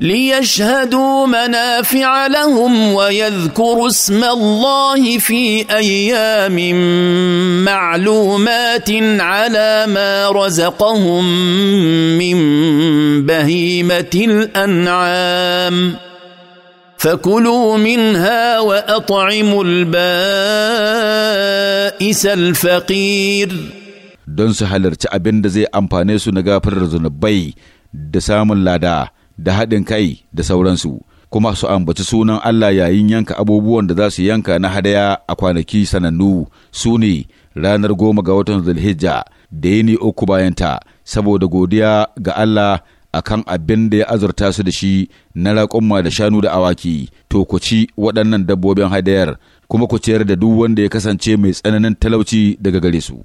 ليشهدوا منافع لهم ويذكروا اسم الله في ايام معلومات على ما رزقهم من بهيمه الانعام فكلوا منها واطعموا البائس الفقير don su halarci abin da zai amfane su na gafarar zunubai da samun lada da haɗin kai da sauransu kuma su ambaci sunan Allah yayin yanka abubuwan da za su yanka na hadaya a kwanaki sanannu su ne ranar goma ga watan zulhijja da ni uku bayanta saboda godiya ga Allah a kan abin da ya azurta su da shi na raƙumma da shanu da awaki to ku ci waɗannan dabbobin hadayar kuma ku ciyar da duk wanda ya kasance mai tsananin talauci daga gare su